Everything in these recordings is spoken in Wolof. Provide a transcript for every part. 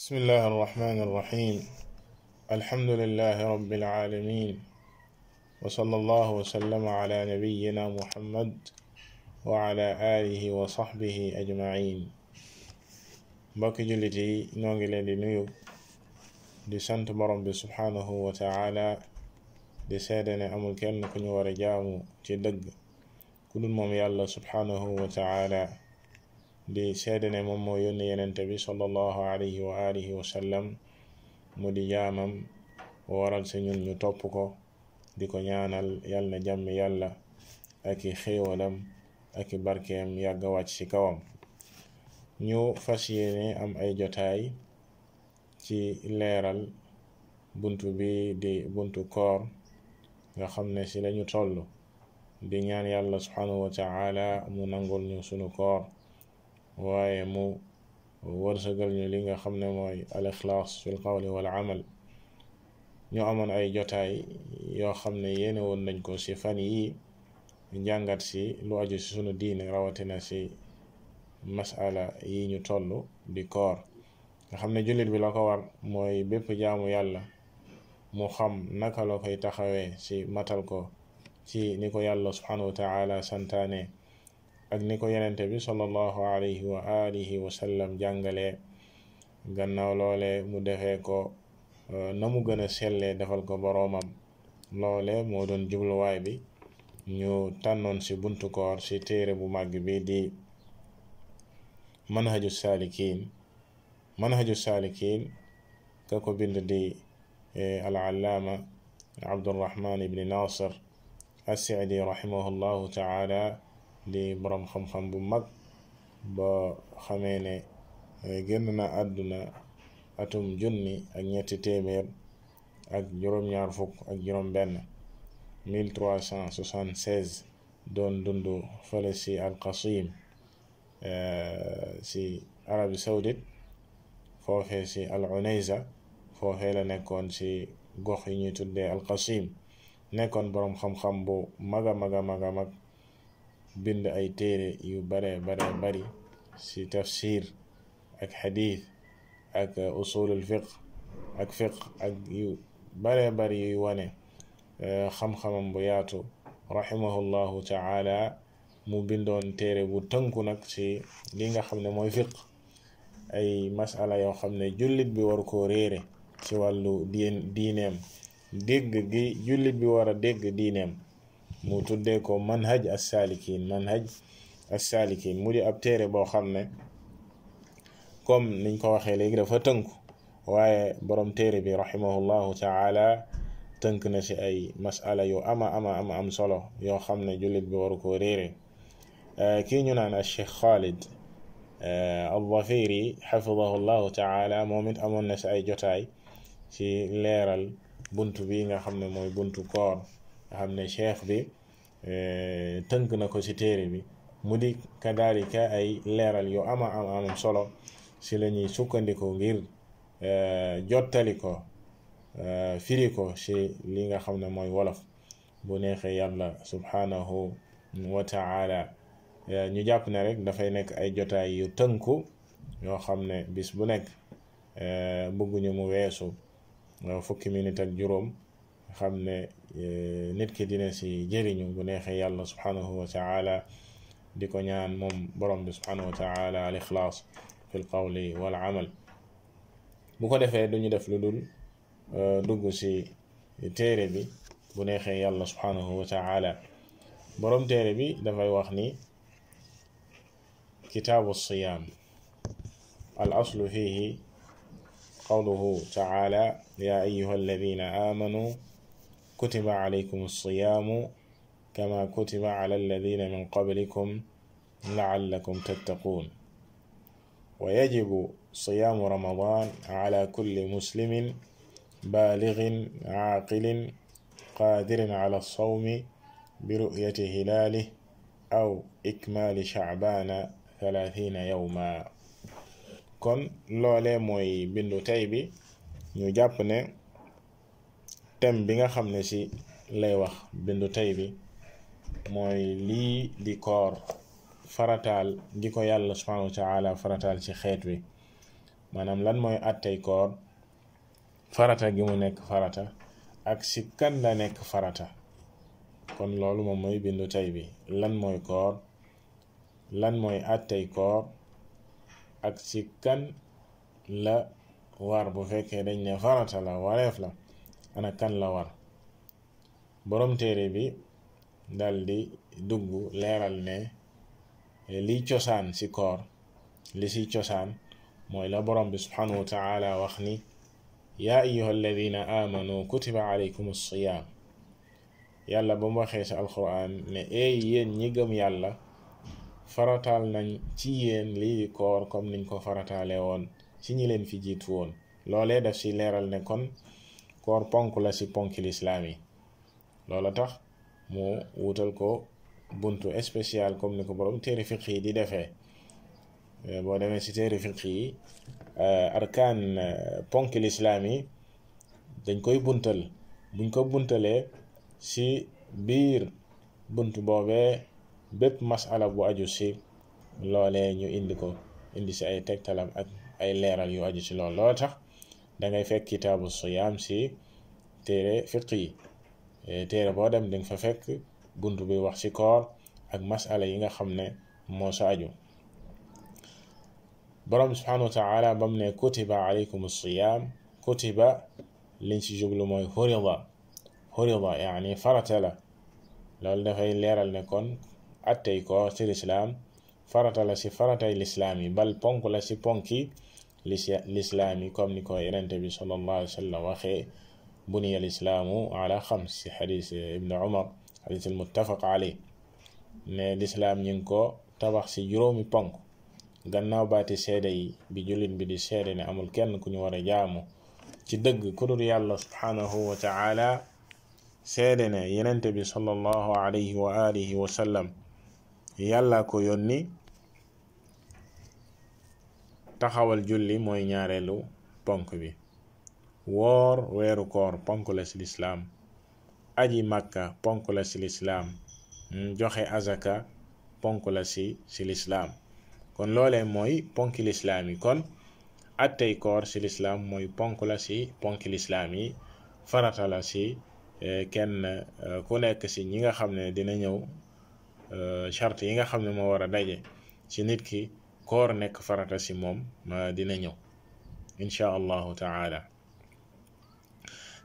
بسم الله الرحمن الرحيم الحمد لله رب العالمين وصلى الله وسلم على نبينا محمد وعلى آله وصحبه أجمعين باكي جلتي نوغل لنيو دي سنت برم سبحانه وتعالى دي سادنا أمل كن كن ورجام تدق كل مم يالله سبحانه وتعالى di seede ne moom moo yónni yenente bi sallallahu alayhi wa alihi wa mu di jaamam waral si ñun ñu topp ko di ko ñaanal yal na jàmmi yàlla ak i xéewalam ak i barkeem yàgg wàcc ci kawam ñu fas am ay jotaay ci leeral buntu bi di buntu koor nga xam ne si lañu toll di ñaan yàlla subhanahu wa mu nangul ñu sunu koor waaye mu wërsëgal ñu li nga xam ne mooy al ixlaas fil qawli wal amal ñu amoon ay jotaay yoo xam ne yéene woon nañ ko ci fan yi njàngat ci lu aju sunu diine rawatina ci masala yi ñu toll di koor nga xam ne jullit bi la ko war mooy bépp jaamu yàlla mu xam naka la koy taxawee ci matal ko ci ni ko yàlla subhanahu wa taala santaane ak ni ko yenente bi sallallahu alayhi wa alihi wa sallam jàngalee gannaaw loole mu defee ko euh, na mu gën a sellee defal ko boroomam loole moo doon jubluwaay bi ñu tànnoon ci buntu koor ci téere bu màgg bi di manhaju saalikiin manhaju saalikiin ka ko bind di euh, al allaama abdurrahman ibni nasir as-saadi rahimahullahu taala di boroom xam-xam bu mag boo xamee ne eh, génn na àdduna atum junni ak ñetti téeméer ak juróom-ñaar fukk ak juróom-benn doon dund fële si alqasim eh, si arabi saudite foofee si al unayza foofee la nekkoon ci gox yi ñuy tuddee alqasim nekkoon boroom xam-xam bu mag a maga a mag bind ay téere yu bare bare bari ci tafsir ak xadiis ak uh, usulul ak fiqh ak yu bare bari yuy wane uh, xam-xamam bu yaatu rahimahullahu ta'ala mu bindoon téere bu tënku nag ci li nga xam ne mooy fiqh ay masala yoo xam ne jullit bi war koo réere ci wàllu diin diineem dégg gi jullit bi war a dégg diineem mu tuddee ko manhaj as-salikin manhaj mu di ab téere boo xam ne comme niñ ko waxee léegi dafa tënku waaye borom téere bi rahimahullahu taala tënk na si ay masala yu ama ama ama am solo yoo xam ne jullit bi waru ko réere eh, kii ñu naan Cheikh Khalid eh, al-Dhafiri xafidahu llahu taala moom it amoon na si ay jotaay ci leeral bunt bi nga xam ne mooy buntu koor nga xam ne cheikh bi eh, tënk na ko ci téere bi mu di kadaalika ay leeral yu ama am solo si la ñuy sukkandiku ngir eh, jottali ko eh, firi ko si li nga xam ne mooy wolof bu neexee yàlla subhanahu wa ñu jàpp ne rek dafay nekk ay jotaay yu tënku yoo xam ne bis bu nekk bëgguñu mu weesu fukki minute ak juróom xamne nit ki dina ci jëriñu bu nexe yàlla subhanahu wa taala diko ñaan mom borom bi subhanahu wa taala al ikhlas fi al qawli wal amal bu ko defé duñu def lu dul dugg ci téré bi bu nexe yàlla subhanahu wa taala borom téré bi da fay wax ni kitaabu siyaam al aslu fihi qawluhu taala ya ayuha alladina amanu كتب عليكم الصيام كما كتب على الذين من قبلكم لعلكم تتقون ويجب صيام رمضان على كل مسلم بالغ عاقل قادر على الصوم برؤية هلاله أو إكمال شعبان ثلاثين يوما كن لولي موي bindu tey نجابني thème bi nga xam ne si lay wax bindu tay bi mooy lii di koor farataal di ko yàlla subhanahu wa taala farataal ci xeet wi maanaam lan mooy attey koor farata gi mu nekk farata ak si kan la nekk farata kon loolu moom mooy bi lan mooy lan mooy attey ak si kan la war bu fekkee dañ ne farata la wareef la ana kan la war borom téere bi daldi dugg leeral ne liy cosaan ci koor li ciy cosaan mooy la borom bi subhanahu wa taala wax ni yaa ayyuha alladina amanu kutiba alaykum as yàlla ba mu waxee ci alquran ne eey ñi gëm yàlla farataal nañ ci yéen lii di koor comme niñ ko farataale woon ci ñi leen fi jiitu woon loolee daf ci leeral ne kon koor ponk la si ponki lislaam yi loola tax mu wutal ko buntu spécial comme ni ko borom téere fiq yi di defee eh, boo demee si téere fiq yi eh, arkaan eh, ponki lislaam yi dañ koy buntal buñ ko buntalee si biir bunt boobee bépp masala bu aju ci loolee ñu indi ko indi si ay tegtalam ak ay leeral yu aju si lool loola tax dangay fekk kitaabu siyaam si téere fiq yi e, téere boo dem dinga fa fekk bunt bi wax ci koor ak masala yi nga xam ne moo sa aju borom subhanahu wa taala bam ne kutiba alaykum siyaam kutiba liñ ci jublu mooy hurida hurida farata la loolu dafay leeral ne kon attey koor ci lislaam farata la si faratay lislaam yi bal ponk la ci ponki l'islami comme ni ko yonent bi sallallahu alayhi wa sallam waxee buniya lislaamu ala xams si xadis ibnu umar xadis al muttafaq alayh ne lislaam ñu ko tabax si juróomi ponk gannaaw baati seede yi bi jullit bi di seede ne amul kenn ku ñu war a jaamu ci dëgg ku dul yàlla subhanahu wa taala seede ne yonent bi sallallahu alayhi wa alihi wa sallam yàlla ko yónni taxawal julli mooy ñaareelu ponk bi woor weeru koor ponk la ci lislaam aji màkka ponk la ci lislaam hmm, joxe azaka ponk la ci ci lislaam kon loole mooy ponki lislaam yi kon attey koor ci lislaam mooy ponk la ci ponki lislaam yi farata la ci eh, kenn eh, ku nekk ci ñi nga xam ne dina ñëw eh, charte yi nga xam ne moo war a daje ci nit ki koor nekk farata si moom dina ñëw insha allahu taala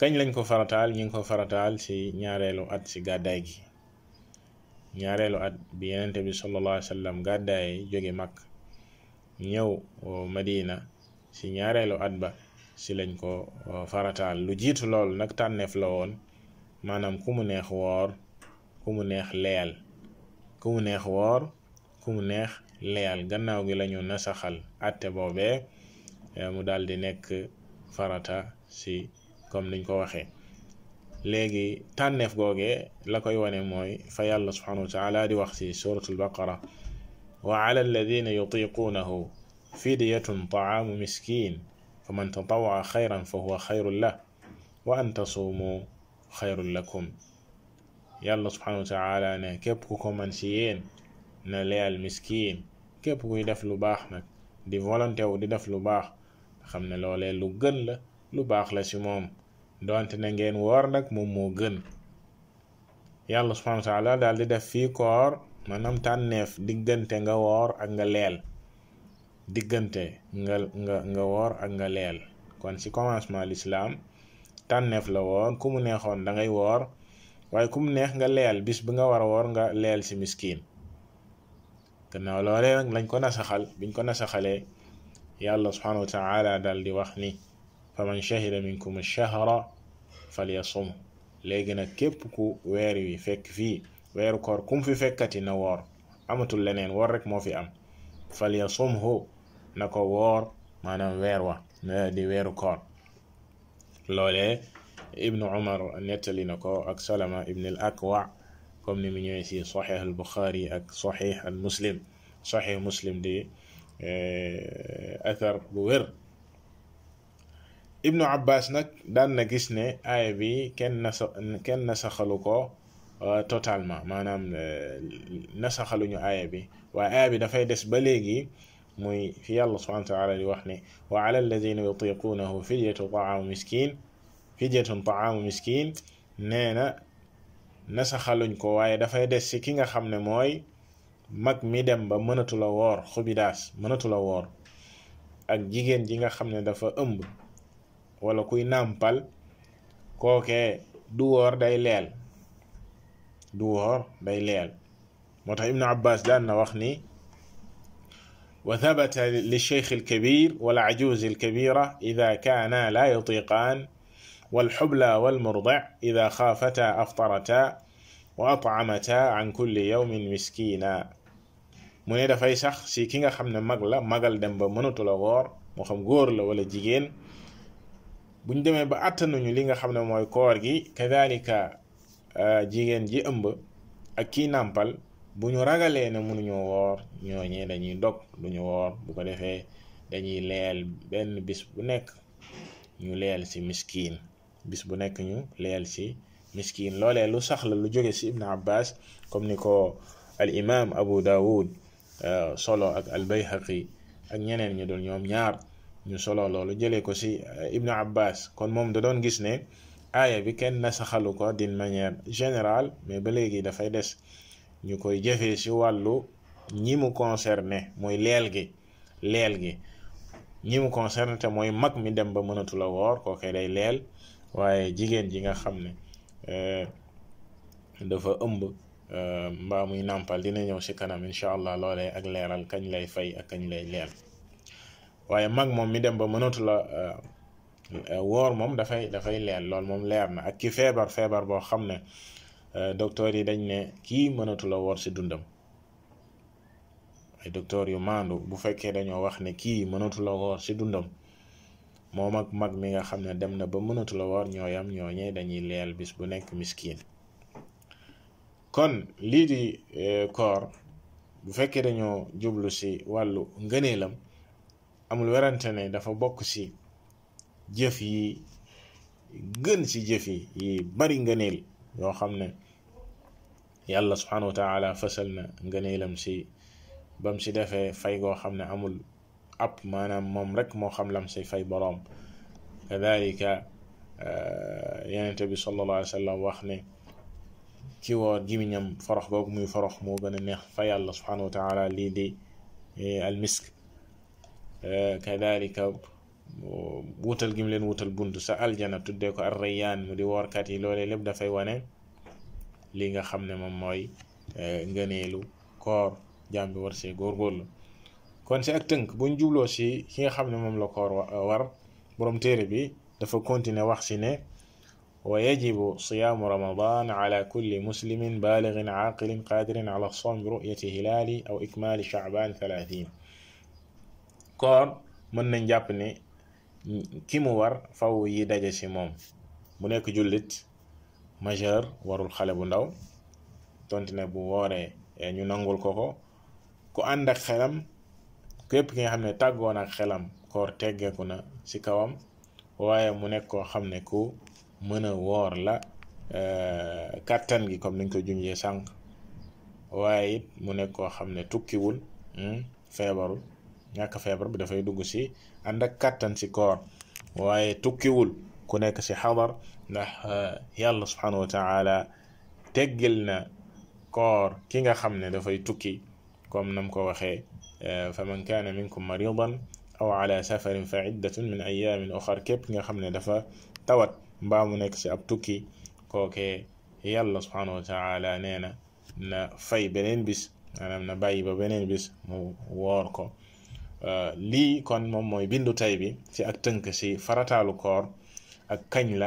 kañ lañ ko farataal ñu ngi ko farataal si ñaareelu at si gàddaay gi ñaareelu at bi yenente bi sallallahu alayhi wa sallam gàddaay jóge mag ñëw madina si ñaareelu at ba si lañ ko farataal lu jiitu loolu nag tànneef la woon maanaam ku mu neex woor ku mu neex leel ku mu neex woor ku mu neex leyal gannaaw gi lañu nasaxal atte bobé mu daldi nek farata ci comme niñ ko waxé légui tanef gogé la koy woné moy fa yàlla subhanahu wa taala di wax ci suratul baqara wa ala alladhina yutiqunahu fidyatun taamu miskin faman tatawaa khayran fa huwa xayrun lah wa an tasumu xayrun lakum yàlla subhanahu wa taala ne kep ku ko man ci yéen na leyal miskin képp kuy def lu baax nag di volonté wu di def lu baax xam ne loolee lu gën la lu baax la ci moom donte na ngeen woor nag moom moo gën yàlla subhanahu wa taala daal di def fii koor maanaam tànneef diggante nga woor ak nga leel diggante nga nga nga woor ak nga leel kon ci commencement l'islam tànneef la woon ku mu neexoon da ngay woor waaye ku neex nga leel bis bi nga war a woor nga leel ci miskin لو تنولولي لنكونا سخال بنكونا سخالي يا الله سبحانه وتعالى دال دي وخني فمن شهد منكم الشهر فليصوم لكن كيبكو ويري فيك في ويرو كور كوم في فكاتي نوار امتو لنين ورك مو في ام فليصوم هو نكو وور مانا ويروا نادي ويرو كور لولي ابن عمر نيتلي نكو اك ابن الاكوع comme ni mu ñëwé ci sahih al bukhari ak sahih al muslim sahih muslim di euh athar bu wér ibnu abbas nak daan na gis ne ay bi kenn nasa kenn nasaxalu ko totalement maanaam ñu ay bi wa ay bi da fay dess ba légui muy fi yàlla subhanahu wa taala li wax ne wa ala alladhina yutiqunahu fidyatun ta'am miskin fidyatun ta'am miskin nee nasaxaluñ ko waaye dafay des ci ki nga xam ne mooy mag mi dem ba mënatu la woor xubidaas mënatu la woor ak jigéen ji nga xam ne dafa ëmb wala kuy nàmpal kookee du woor day leel du woor day leel moo tax ibnu abbas daan na wax ni وثبت للشيخ الكبير والعجوز الكبيرة إذا كانا لا يطيقان wal والمرضع إذا خافتا أفطرتا wa at'amata an kulli yawmin miskina mu ne dafay sax si ki nga xam ne mag la magal dem ba mënatula woor moo xam góor la wala jigéen buñ demee ba àttanuñu li nga xam ne mooy koor gi kadalika euh, jigéen ji ëmb ak kii nàmpal bu ñu ragalee ne mënuñoo woor ñooñee dañuy dog duñu woor bu ko defee dañuy leel benn bis bu nekk ñu leel si miskiin bis bu nekk ñu leel ci miskin loolee lu saxla lu jóge ci ibn abbas comme ni ko al imam abu dawud solo ak al bayhaqi ak ñeneen ñu dul ñoom ñaar ñu solo loolu jëlee ko ci ibn abbas kon moom da doon gis ne aaya bi kenn na saxalu ko din manière générale mais ba léegi dafay des ñu koy jëfee ci wàllu ñi mu concerné mooy leel gi leel gi ñi mu concerné te mooy mag mi dem ba mënatu la woor kookee day leel waaye jigéen ji nga xam ne euh, dafa ëmb euh, mbaa muy nàmpal dina ñëw si kanam incha allah loolee ak leeral kañ lay fay ak kañ lay leer waaye mag moom mi dem ba mënatula la euh, woor moom dafay dafay leer lool moom leer na ak ki feebar feebar boo xam ne docteur yi dañ ne kii mënatula la woor ci dundam ay docteur yu maandu bu fekkee dañoo wax ne kii mënatu la woor ci dundam moom ak mag mi nga xam ne dem na ba mënatu la woor ñooyam ñooñee dañuy leel bis bu nekk miskiin kon lii di eh, koor bu fekkee dañoo jublu si wàllu ngëneelam amul werante ne dafa bokk si jëf yi gën si jëf yi yi bari ngëneel yoo xam ne yàlla subhanahu wa na ngëneelam si bam si defee fay goo xam ne amul ab maanaam moom rek moo xam lam say fay boroom kadalika yenente bi sallallahu alayhi wa sallam wax ne ci woor gimiñam forox googu muy forox moo gën a neex fa yàlla subhanahu wa taala lii di almisk kadalika wutal gim leen wutal bunt sa aljana tuddee ko ar rayyaan mu di woorkat yi loolee lépp dafay wane li nga xam ne moom mooy ngëneelu koor jaam bi war see góorgóorlu kon si ak tënk buñ jubloo si ki nga xam ne moom la koor war borom téere bi dafa continuer wax si ne wa yajibu siyaamu ramadan ala kulli muslimin balighin aqilin qadirin ala sawm bi ru'yati hilaali aw ikmaali shaaban thalathin koor mën nañ jàpp ne ki mu war faw yi daje si moom mu nekk jullit majeur warul xale bu ndaw tonti ne bu wooree ñu nangul ko ko ku ànd ak xelam képp ki nga xam ne tàggoon ak xelam koor teggeeku na ci kawam waaye mu nekk koo xam ne ku mën a woor la kàttan gi comme niñ ko junjee sànq waaye it mu nekk koo xam ne tukkiwul feebarul ñàkk feebar bi dafay dugg ci ànd ak kàttan ci koor waaye tukkiwul ku nekk ci xadar ndax yàlla subhanahu wa taala teggil na koor ki nga xam ne dafay tukki comme nam ko waxee Eh, faman kaana minkum maridan aw ala safarin fa iddatun min ayaamin képp nga xam ne dafa tawat mbaa mu nekk ci ab tukki kookee yàlla subhanahu wa taala nee na fay beneen bis bàyyi ba beneen bis mu woor ko eh, lii kon moom mooy bindu tay bi ci ak tënk ci farataalu koor ak kañ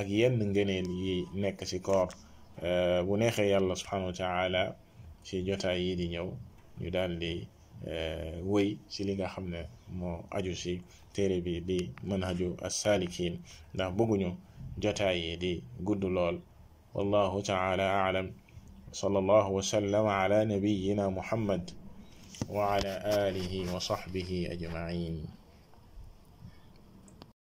ak yenn ngëneel yi nekk ci koor eh, bu neexee yàlla subhanahu wa taala ci jotaay yi di ñëw ñu daal di euh, wëy ci li nga xam ne moo aju si téere bi di manhaju as-saalikiin ndax bëgguñu jotaay yi di gudd lool wallahu taala aalam sala allahu wasallam ala nabiyina muhammad wa ala alihi wa sahbihi ajmain